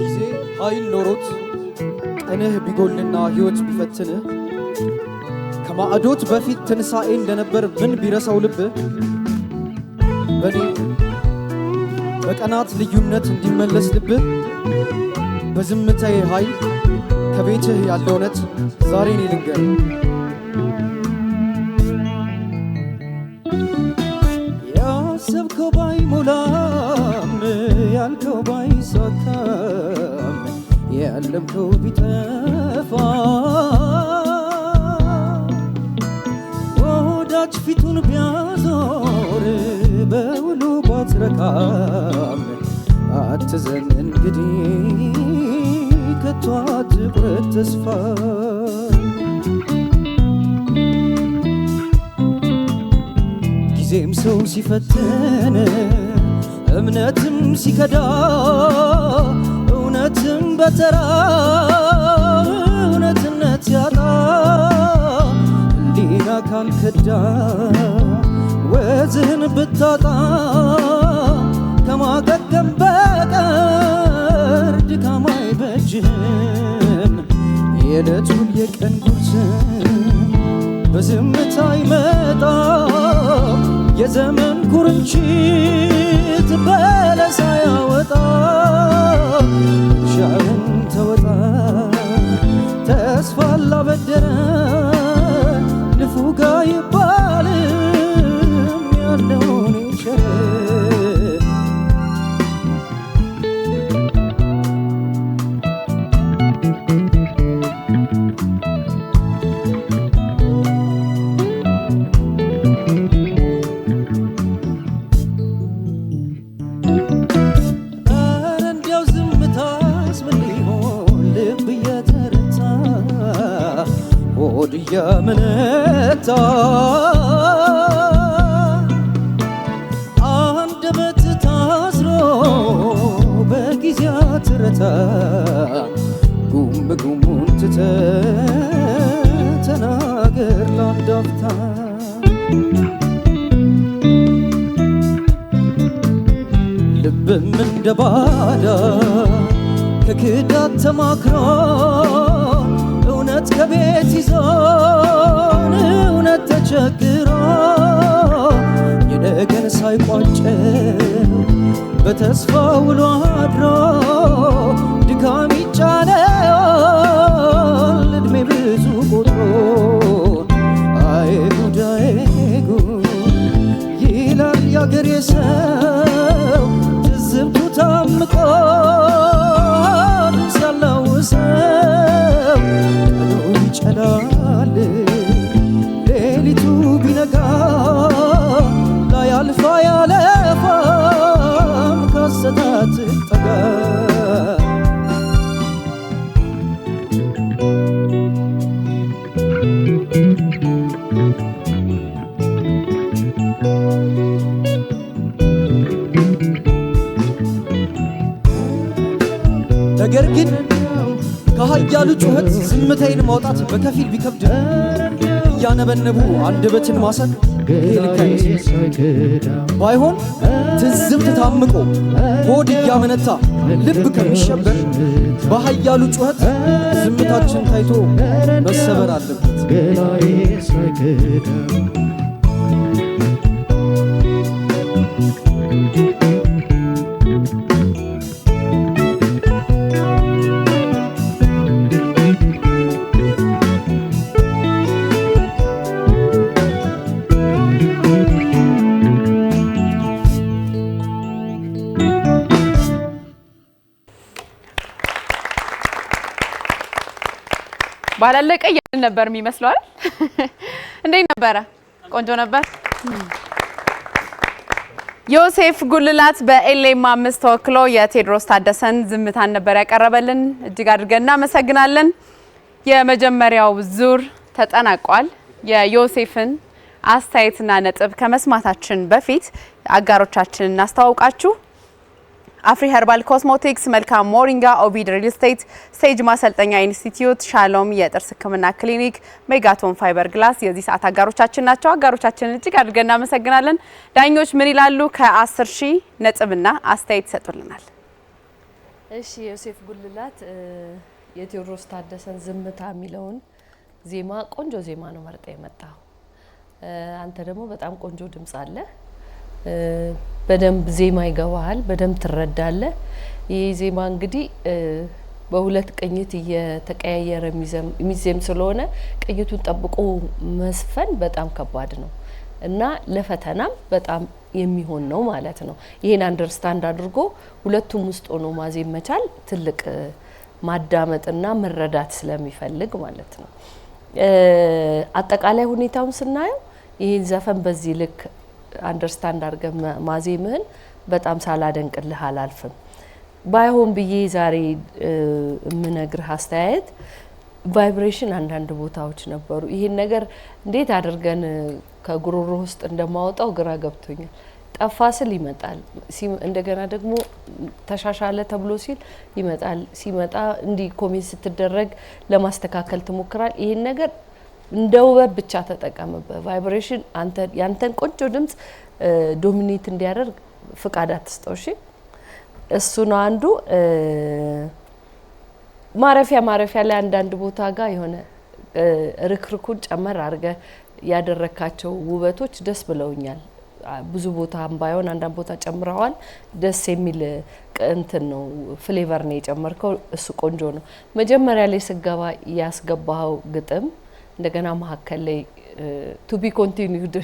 ጊዜ ኃይል ኖሮት ቀንህ ቢጎልና ሕይወት ቢፈትንህ ከማዕዶት በፊት ትንሣኤ እንደነበር ምን ቢረሳው ልብህ በእኔ በቀናት ልዩነት እንዲመለስ ልብህ በዝምታዬ ኃይል ከቤትህ ያለ እውነት ዛሬ እኔ ልንገር ያልከው ባይሳካም ያለምከው ቢጠፋ ወዳጅ ፊቱን ቢያዞር በውሉ ባትረካም አትዘን እንግዲህ ከቷ አትቁረጥ ተስፋ ጊዜም ሰው ሲፈትን እምነትም ሲከዳ እውነትን በተራ እውነትነት ያጣ እንዲና ካልከዳ ወዝህን ብታጣ ከማገገም በቀር ድካም አይበጅህም። የዕለቱን የቀን ጉርስ በዝምታ ይመጣ የዘመን ኩርንችት የምንታ አንድ በት ታስሮ በጊዜያት ረታ ጉም ጉሙን ትተ ተናገር ለአንድ ልብም እንደ ባዳ ከክዳት ተማክራ እውነት ከቤት ይዞን እውነት ተቸግሮ የነገን ሳይቋጭ በተስፋ ውሎ አድሮ ድካም ይጫነዋል እድሜ ብዙ ቁጥሮ አይ ጉድ ይላል ያገሬ ሰው ትዝብቱ ታምቆ ነገር ግን ከኃያሉ ጩኸት ዝምታዬን ማውጣት በከፊል ቢከብድ እያነበነቡ አንደበትን ማሰር ባይሆን ትዝብት ታምቆ ሆድ እያመነታ ልብ ከሚሸበር በኃያሉ ጩኸት ዝምታችን ታይቶ መሰበር አለበት። ባላለቀ እያልን ነበር የሚመስለዋል። እንዴት ነበረ? ቆንጆ ነበር። ዮሴፍ ጉልላት በኤሌም አምስት ተወክሎ የቴዎድሮስ ታደሰን ዝምታን ነበር ያቀረበልን። እጅግ አድርገን እናመሰግናለን። የመጀመሪያው ዙር ተጠናቋል። የዮሴፍን አስተያየትና ነጥብ ከመስማታችን በፊት አጋሮቻችንን እናስተዋውቃችሁ። አፍሪ ኸርባል ኮስሞቲክስ፣ መልካም ሞሪንጋ፣ ኦቪድ ሪል ስቴት፣ ስቴጅ ማሰልጠኛ ኢንስቲትዩት፣ ሻሎም የጥርስ ሕክምና ክሊኒክ፣ ሜጋቶን ፋይበር ግላስ የዚህ ሰዓት አጋሮቻችን ናቸው። አጋሮቻችንን እጅግ አድርገን እናመሰግናለን። ዳኞች ምን ይላሉ? ከአስር ሺህ ነጥብና አስተያየት ይሰጡልናል። እሺ ዮሴፍ ጉልላት የቴዎድሮስ ታደሰን ዝምታ የሚለውን ዜማ ቆንጆ ዜማ ነው መርጠ የመጣው አንተ ደግሞ በጣም ቆንጆ ድምጽ አለ በደንብ ዜማ ይገባሃል፣ በደንብ ትረዳለ። ይህ ዜማ እንግዲህ በሁለት ቅኝት እየተቀያየረ የሚዜም ስለሆነ ቅኝቱን ጠብቆ መስፈን በጣም ከባድ ነው እና ለፈተናም በጣም የሚሆን ነው ማለት ነው። ይሄን አንደርስታንድ አድርጎ ሁለቱም ውስጥ ሆኖ ማዜም መቻል ትልቅ ማዳመጥና መረዳት ስለሚፈልግ ማለት ነው። አጠቃላይ ሁኔታውን ስናየው ይህን ዘፈን በዚህ ልክ አንደርስታንድ ማዜ ማዜምህን በጣም ሳላደንቅልህ አላልፍም። ባይሆን ብዬ ዛሬ የምነግርህ አስተያየት ቫይብሬሽን አንዳንድ ቦታዎች ነበሩ። ይህን ነገር እንዴት አድርገን ከጉሮሮ ውስጥ እንደማወጣው ግራ ገብቶኛል። ጠፋ ስል ይመጣል፣ እንደገና ደግሞ ተሻሻለ ተብሎ ሲል ይመጣል። ሲመጣ እንዲህ ኮሜንት ስትደረግ ለማስተካከል ትሞክራል። ይህን ነገር እንደ ውበት ብቻ ተጠቀምበት። ቫይብሬሽን ያንተን ቆንጆ ድምፅ ዶሚኔት እንዲያደርግ ፍቃድ አትስጠው። እሺ፣ እሱ ነው አንዱ። ማረፊያ ማረፊያ ላይ አንዳንድ ቦታ ጋር የሆነ ርክርኩን ጨመር አድርገ ያደረካቸው ውበቶች ደስ ብለውኛል። ብዙ ቦታ ባይሆን አንዳንድ ቦታ ጨምረዋል። ደስ የሚል እንትን ነው፣ ፍሌቨር ነው የጨመርከው። እሱ ቆንጆ ነው። መጀመሪያ ላይ ስገባ ያስገባኸው ግጥም እንደገና መሀከል ላይ ቱ ቢ ኮንቲኒውድ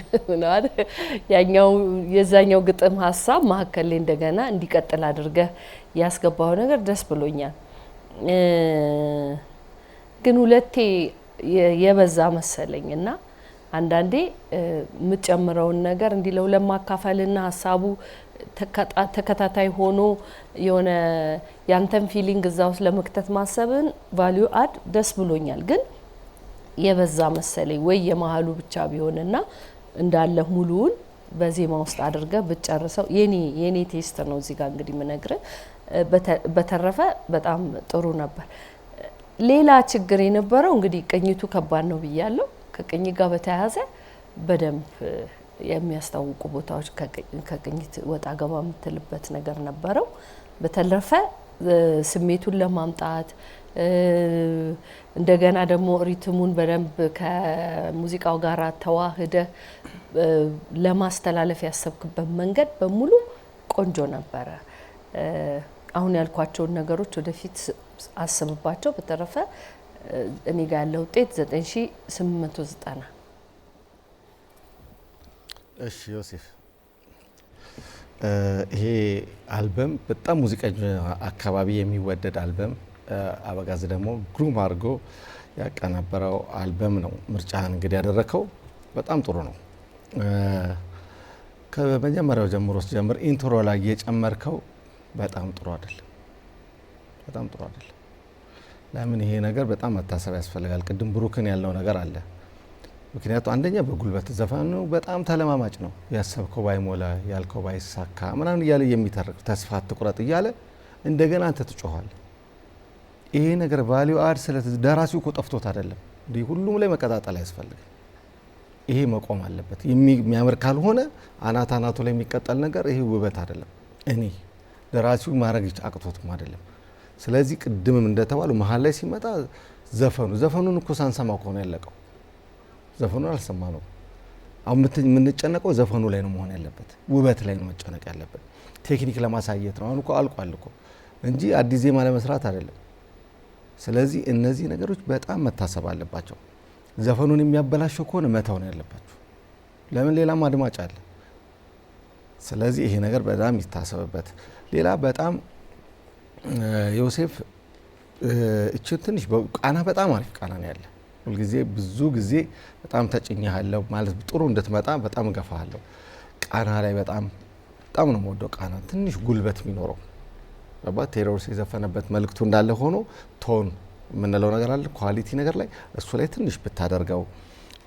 ያኛው የዛኛው ግጥም ሀሳብ መሀከል ላይ እንደገና እንዲቀጥል አድርገህ ያስገባው ነገር ደስ ብሎኛል። ግን ሁለቴ የበዛ መሰለኝ እና አንዳንዴ የምትጨምረውን ነገር እንዲ ለሁለት ማካፈልና ሀሳቡ ተከታታይ ሆኖ የሆነ ያንተን ፊሊንግ እዛ ውስጥ ለመክተት ማሰብን ቫሊዩ አድ ደስ ብሎኛል ግን የበዛ መሰለኝ ወይ የመሀሉ ብቻ ቢሆንና እንዳለ ሙሉውን በዜማ ውስጥ አድርገ ብጨርሰው የኔ የኔ ቴስት ነው እዚህ ጋር እንግዲህ ምነግር። በተረፈ በጣም ጥሩ ነበር። ሌላ ችግር የነበረው እንግዲህ ቅኝቱ ከባድ ነው ብያለሁ። ከቅኝ ጋር በተያያዘ በደንብ የሚያስታውቁ ቦታዎች ከቅኝት ወጣ ገባ የምትልበት ነገር ነበረው። በተረፈ ስሜቱን ለማምጣት እንደገና ደግሞ ሪትሙን በደንብ ከሙዚቃው ጋር ተዋህደ ለማስተላለፍ ያሰብክበት መንገድ በሙሉ ቆንጆ ነበረ። አሁን ያልኳቸውን ነገሮች ወደፊት አስብባቸው። በተረፈ እኔ ጋር ያለ ውጤት 9890። እሺ ዮሴፍ ይሄ አልበም በጣም ሙዚቀኛ አካባቢ የሚወደድ አልበም፣ አበጋዝ ደግሞ ግሩም አድርጎ ያቀናበረው አልበም ነው። ምርጫህን እንግዲህ ያደረከው በጣም ጥሩ ነው። ከመጀመሪያው ጀምሮ ስጀምር ኢንትሮ ላይ የጨመርከው በጣም ጥሩ አይደለም፣ በጣም ጥሩ አይደለም። ለምን ይሄ ነገር በጣም መታሰብ ያስፈልጋል። ቅድም ብሩክን ያለው ነገር አለ ምክንያቱ አንደኛ በጉልበት ዘፈኑ በጣም ተለማማጭ ነው። ያሰብከው ባይሞላ ያልከው ባይሳካ ምናምን እያለ የሚተርቅ ተስፋ ትቁረጥ እያለ እንደገና አንተ ትጮኋል። ይሄ ነገር ቫሊዩ አድ ስለ ደራሲው እኮ ጠፍቶት አይደለም። እንዲህ ሁሉም ላይ መቀጣጠል አያስፈልግም። ይሄ መቆም አለበት። የሚያምር ካልሆነ አናት አናቱ ላይ የሚቀጠል ነገር ይሄ ውበት አይደለም። እኔ ደራሲው ማድረግ አቅቶትም አይደለም። ስለዚህ ቅድምም እንደተባሉ መሀል ላይ ሲመጣ ዘፈኑ ዘፈኑን እኮ ሳንሰማ ከሆነ ያለቀው ዘፈኑን አልሰማ ነው። አሁን የምንጨነቀው ዘፈኑ ላይ ነው መሆን ያለበት፣ ውበት ላይ ነው መጨነቅ ያለበት። ቴክኒክ ለማሳየት ነው። አሁን እኮ አልቋል እኮ እንጂ አዲስ ዜማ ለመስራት አይደለም። ስለዚህ እነዚህ ነገሮች በጣም መታሰብ አለባቸው። ዘፈኑን የሚያበላሸው ከሆነ መተው ነው ያለባቸው ለምን ሌላም አድማጭ አለ። ስለዚህ ይሄ ነገር በጣም ይታሰብበት። ሌላ በጣም ዮሴፍ እችን ትንሽ ቃና በጣም አሪፍ ቃና ነው ያለ ሁልጊዜ ብዙ ጊዜ በጣም ተጭኝሃለሁ ማለት ጥሩ እንድትመጣ በጣም እገፋሃለሁ። ቃና ላይ በጣም በጣም ነው የምወደው ቃና ትንሽ ጉልበት የሚኖረው ባት ቴዎድሮስ የዘፈነበት መልእክቱ እንዳለ ሆኖ ቶን የምንለው ነገር አለ ኳሊቲ ነገር ላይ እሱ ላይ ትንሽ ብታደርገው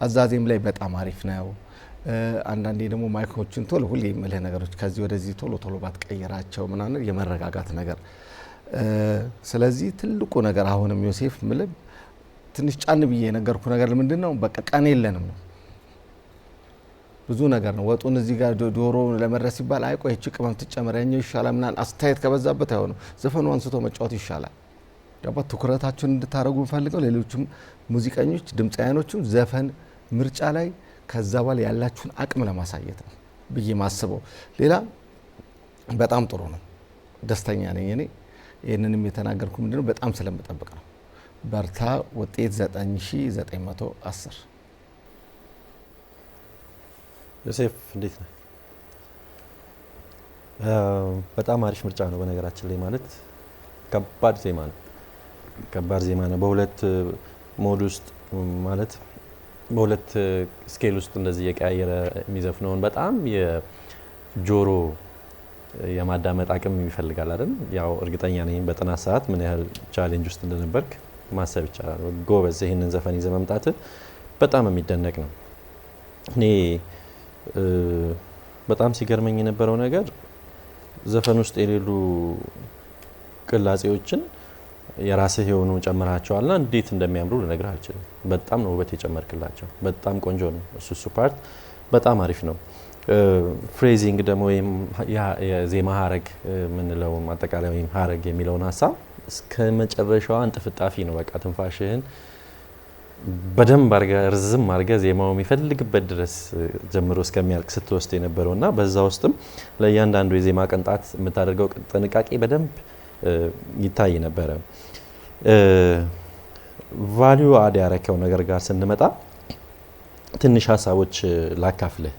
አዛዜም ላይ በጣም አሪፍ ነው። አንዳንዴ ደግሞ ማይኮችን ቶሎ ሁሌ የምልህ ነገሮች ከዚህ ወደዚህ ቶሎ ቶሎ ባትቀይራቸው ምናምን የመረጋጋት ነገር ስለዚህ ትልቁ ነገር አሁንም ዮሴፍ ምልብ ትንሽ ጫን ብዬ የነገርኩ ነገር ምንድን ነው፣ በቃ ቀን የለንም ነው። ብዙ ነገር ነው። ወጡን እዚህ ጋር ዶሮ ለመድረስ ሲባል አይቆ ይቺ ቅመም ትጨምር ያኛው ይሻላል ምናምን አስተያየት ከበዛበት አይሆንም። ዘፈኑ አንስቶ መጫወት ይሻላል። ያባ ትኩረታችሁን እንድታደረጉ እንፈልገው። ሌሎችም ሙዚቀኞች ድምፃያኖችም ዘፈን ምርጫ ላይ ከዛ በኋላ ያላችሁን አቅም ለማሳየት ነው ብዬ ማስበው። ሌላ በጣም ጥሩ ነው። ደስተኛ ነኝ እኔ። ይህንንም የተናገርኩ ምንድነው በጣም ስለምጠብቅ ነው በርታ ውጤት 9910 ዮሴፍ እንዴት ነህ? በጣም አሪፍ ምርጫ ነው። በነገራችን ላይ ማለት ከባድ ዜማ ነው፣ ከባድ ዜማ ነው። በሁለት ሞድ ውስጥ ማለት በሁለት ስኬል ውስጥ እንደዚህ የቀያየረ የሚዘፍነውን በጣም የጆሮ የማዳመጥ አቅም ይፈልጋል አይደል? ያው እርግጠኛ ነኝ በጥናት ሰዓት ምን ያህል ቻሌንጅ ውስጥ እንደነበርክ ማሰብ ይቻላል። ጎበዝ ይህንን ዘፈን ይዘ መምጣት በጣም የሚደነቅ ነው። እኔ በጣም ሲገርመኝ የነበረው ነገር ዘፈን ውስጥ የሌሉ ቅላጼዎችን የራስህ የሆኑ ጨምራቸዋልና እንዴት እንደሚያምሩ ልነግር አልችልም። በጣም ነው ውበት የጨመርክላቸው። በጣም ቆንጆ ነው። እሱ እሱ ፓርት በጣም አሪፍ ነው። ፍሬዚንግ ደግሞ ወይም የዜማ ሀረግ የምንለው አጠቃላይ ወይም ሀረግ የሚለውን ሀሳብ እስከ መጨረሻዋ እንጥፍጣፊ ነው። በቃ ትንፋሽህን በደንብ አርገ ርዝም አርገ ዜማው የሚፈልግበት ድረስ ጀምሮ እስከሚያልቅ ስትወስድ የነበረው እና በዛ ውስጥም ለእያንዳንዱ የዜማ ቅንጣት የምታደርገው ጥንቃቄ በደንብ ይታይ ነበረ። ቫሊዩ አድ ያረከው ነገር ጋር ስንመጣ ትንሽ ሀሳቦች ላካፍልህ።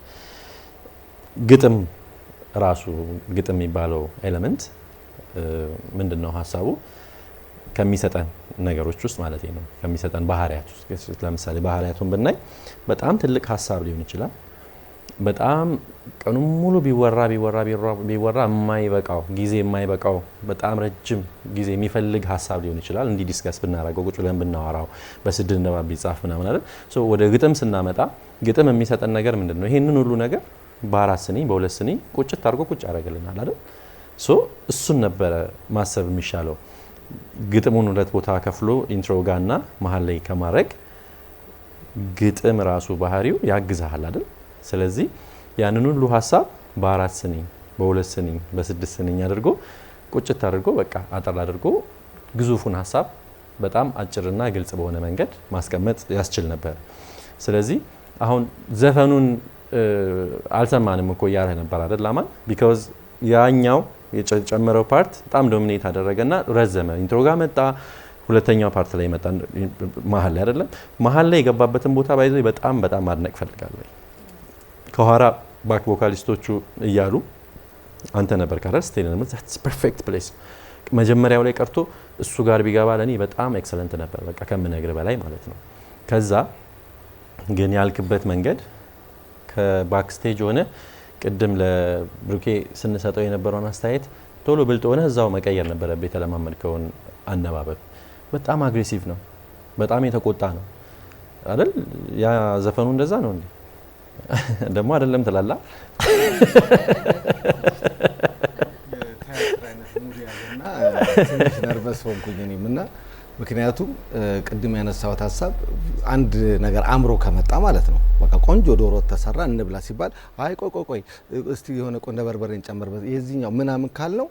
ግጥም ራሱ ግጥም የሚባለው ኤለመንት ምንድን ነው ሀሳቡ? ከሚሰጠን ነገሮች ውስጥ ማለት ነው ከሚሰጠን ባህርያት ውስጥ ለምሳሌ ባህሪያቱን ብናይ በጣም ትልቅ ሀሳብ ሊሆን ይችላል። በጣም ቀኑን ሙሉ ቢወራ ቢወራ ቢወራ የማይበቃው ጊዜ የማይበቃው በጣም ረጅም ጊዜ የሚፈልግ ሀሳብ ሊሆን ይችላል። እንዲህ ዲስከስ ብናረገው ቁጭ ብለን ብናወራው በስድብ ንባብ ቢጻፍ ምናምን አይደል። ወደ ግጥም ስናመጣ ግጥም የሚሰጠን ነገር ምንድን ነው? ይህንን ሁሉ ነገር በአራት ስኒ በሁለት ስኒ ቁጭት አድርጎ ቁጭ ያደረግልናል አይደል። እሱን ነበረ ማሰብ የሚሻለው። ግጥሙን ሁለት ቦታ ከፍሎ ኢንትሮ ጋና መሀል ላይ ከማድረግ ግጥም ራሱ ባህሪው ያግዛሃል አይደል? ስለዚህ ያንን ሁሉ ሀሳብ በአራት ስንኝ፣ በሁለት ስንኝ፣ በስድስት ስንኝ አድርጎ ቁጭት አድርጎ በቃ አጠር አድርጎ ግዙፉን ሀሳብ በጣም አጭርና ግልጽ በሆነ መንገድ ማስቀመጥ ያስችል ነበር። ስለዚህ አሁን ዘፈኑን አልሰማንም እኮ እያለ ነበር አይደል? አማን ቢካዝ ያኛው የጨመረው ፓርት በጣም ዶሚኔት አደረገና ረዘመ። ኢንትሮ ጋር መጣ፣ ሁለተኛው ፓርት ላይ መጣ። መሀል ላይ አይደለም መሀል ላይ የገባበትን ቦታ ባይዞ በጣም በጣም ማድነቅ ፈልጋለሁ። ከኋራ ባክ ቮካሊስቶቹ እያሉ አንተ ነበር ካረ ስቴን ፐርፌክት ፕሌስ መጀመሪያው ላይ ቀርቶ እሱ ጋር ቢገባ ለእኔ በጣም ኤክሰለንት ነበር፣ በቃ ከምነግር በላይ ማለት ነው። ከዛ ግን ያልክበት መንገድ ከባክስቴጅ ሆነ ቅድም ለብሩኬ ስንሰጠው የነበረውን አስተያየት ቶሎ ብልጥ ሆነ እዛው መቀየር ነበረብህ። የተለማመድከውን አነባበብ በጣም አግሬሲቭ ነው፣ በጣም የተቆጣ ነው አይደል? ያ ዘፈኑ እንደዛ ነው እንዴ? ደግሞ አይደለም ትላላ ነርቨስ ሆንኩኝ እኔም እና ምክንያቱም ቅድም ያነሳሁት ሀሳብ አንድ ነገር አምሮ ከመጣ ማለት ነው። በቃ ቆንጆ ዶሮ ተሰራ እንብላ ሲባል አይ ቆይ ቆይ ቆይ እስቲ የሆነ ቆንደ በርበሬን ጨምርበት የዚህኛው ምናምን ካል ነው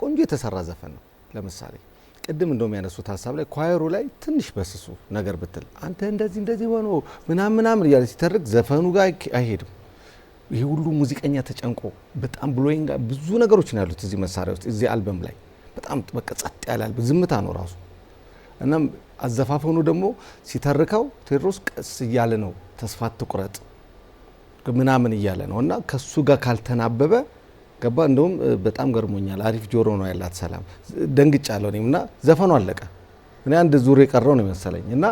ቆንጆ የተሰራ ዘፈን ነው። ለምሳሌ ቅድም እንደውም ያነሱት ሀሳብ ላይ ኳየሩ ላይ ትንሽ በስሱ ነገር ብትል አንተ እንደዚህ እንደዚህ ሆኖ ምናምን ምናምን እያለ ሲተርክ ዘፈኑ ጋር አይሄድም። ይህ ሁሉ ሙዚቀኛ ተጨንቆ በጣም ብሎይንግ ብዙ ነገሮች ነው ያሉት እዚህ መሳሪያ ውስጥ እዚህ አልበም ላይ በጣም በቃ ጸጥ ያለ ዝምታ ነው ራሱ እናም አዘፋፈኑ ደግሞ ሲተርከው ቴዎድሮስ ቀስ እያለ ነው ተስፋ ትቁረጥ ምናምን እያለ ነው እና ከሱ ጋር ካልተናበበ ገባ። እንደውም በጣም ገርሞኛል። አሪፍ ጆሮ ነው ያላት ሰላም። ደንግጫለሁ እኔም እና ዘፈኑ አለቀ። እኔ አንድ ዙር የቀረው ነው የመሰለኝ እና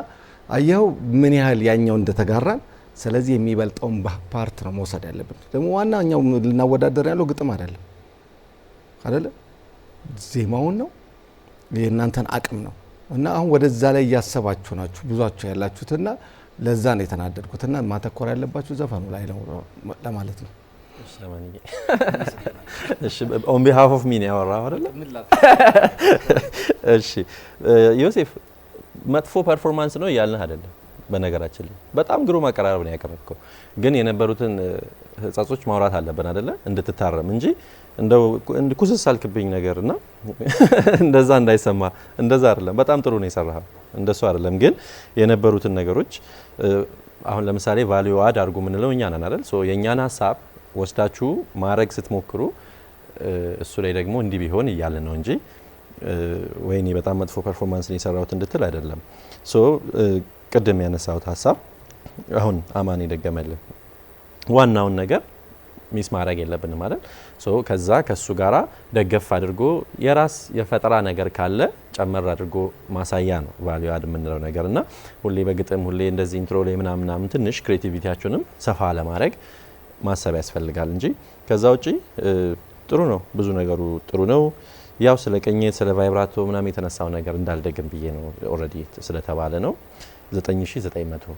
አየኸው ምን ያህል ያኛው እንደተጋራን። ስለዚህ የሚበልጠውን ፓርት ነው መውሰድ ያለብን። ደግሞ ዋናኛው ልናወዳደር ያለው ግጥም አይደለም አደለም ዜማውን ነው የእናንተን አቅም ነው እና አሁን ወደዛ ላይ እያሰባችሁ ናችሁ ብዙቸው ያላችሁትና ለዛ ነው የተናደድኩትና ማተኮር ያለባችሁ ዘፈኑ ላይ ነው ለማለት ነው። ኦን ቢሃፍ ኦፍ ሚን ያወራ አይደለ? እሺ ዮሴፍ፣ መጥፎ ፐርፎርማንስ ነው እያልን አይደለም በነገራችን ላይ በጣም ግሩም አቀራረብ ነው ያቀረብከው። ግን የነበሩትን ህጻጾች ማውራት አለብን አደለ? እንድትታረም እንጂ እንደው ኩስስ አልክብኝ ነገር ነገርና እንደዛ እንዳይሰማ እንደዛ አይደለም። በጣም ጥሩ ነው የሰራ እንደሱ አይደለም። ግን የነበሩትን ነገሮች አሁን ለምሳሌ ቫሊዩ አድ አድርጉ የምንለው እኛ ነን አይደል? ሶ የእኛን ሀሳብ ወስዳችሁ ማድረግ ስትሞክሩ እሱ ላይ ደግሞ እንዲህ ቢሆን እያለ ነው እንጂ ወይኔ በጣም መጥፎ ፐርፎርማንስ ነው የሰራሁት እንድትል አይደለም ቅድም ያነሳሁት ሀሳብ አሁን አማን የደገመልን ዋናውን ነገር ሚስ ማድረግ የለብንም ማለት ከዛ ከሱ ጋራ ደገፍ አድርጎ የራስ የፈጠራ ነገር ካለ ጨመር አድርጎ ማሳያ ነው ቫሊዩ አድ የምንለው ነገር እና ሁሌ በግጥም ሁሌ እንደዚህ ኢንትሮ ላይ ምናምናምን ትንሽ ክሬቲቪቲያችንም ሰፋ ለማድረግ ማሰብ ያስፈልጋል እንጂ ከዛ ውጪ ጥሩ ነው፣ ብዙ ነገሩ ጥሩ ነው። ያው ስለ ቅኝት ስለ ቫይብራቶ ምናምን የተነሳው ነገር እንዳልደግም ብዬ ነው ኦልሬዲ ስለተባለ ነው። 9900